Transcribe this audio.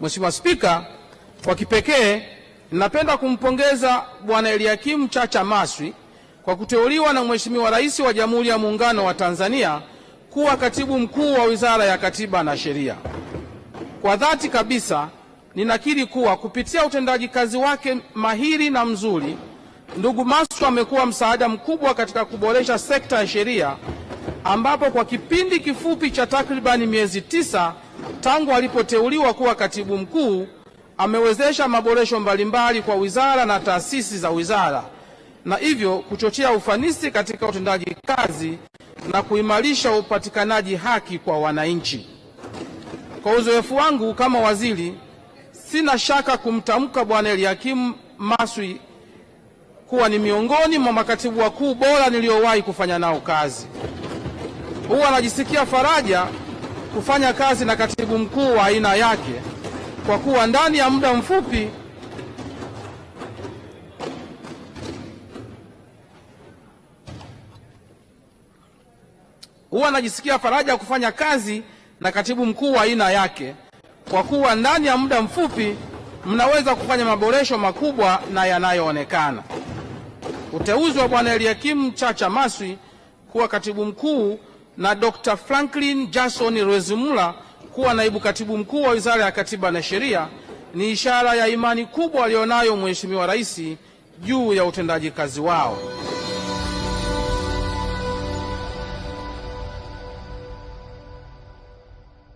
Mheshimiwa Spika, kwa kipekee napenda kumpongeza Bwana Eliakim Chacha Maswi kwa kuteuliwa na Mheshimiwa Rais wa Jamhuri ya Muungano wa Tanzania kuwa katibu mkuu wa Wizara ya Katiba na Sheria. Kwa dhati kabisa ninakiri kuwa kupitia utendaji kazi wake mahiri na mzuri, ndugu Maswi amekuwa msaada mkubwa katika kuboresha sekta ya sheria, ambapo kwa kipindi kifupi cha takribani miezi tisa tangu alipoteuliwa kuwa katibu mkuu amewezesha maboresho mbalimbali kwa wizara na taasisi za wizara na hivyo kuchochea ufanisi katika utendaji kazi na kuimarisha upatikanaji haki kwa wananchi. Kwa uzoefu wangu kama waziri, sina shaka kumtamka Bwana Eliakim Maswi kuwa ni miongoni mwa makatibu wakuu bora niliyowahi kufanya nao kazi. Huwa anajisikia faraja kufanya kazi na katibu mkuu wa aina yake, kwa kuwa ndani ya muda mfupi huwa anajisikia faraja ya kufanya kazi na katibu mkuu wa aina yake, kwa kuwa ndani ya muda mfupi mnaweza kufanya maboresho makubwa na yanayoonekana. Uteuzi wa Bwana Eliakim Chacha Maswi kuwa katibu mkuu na Dr. Franklin Jason Rwezimula kuwa naibu katibu mkuu wa Wizara ya Katiba na Sheria ni ishara ya imani kubwa aliyonayo Mheshimiwa Rais juu ya utendaji kazi wao.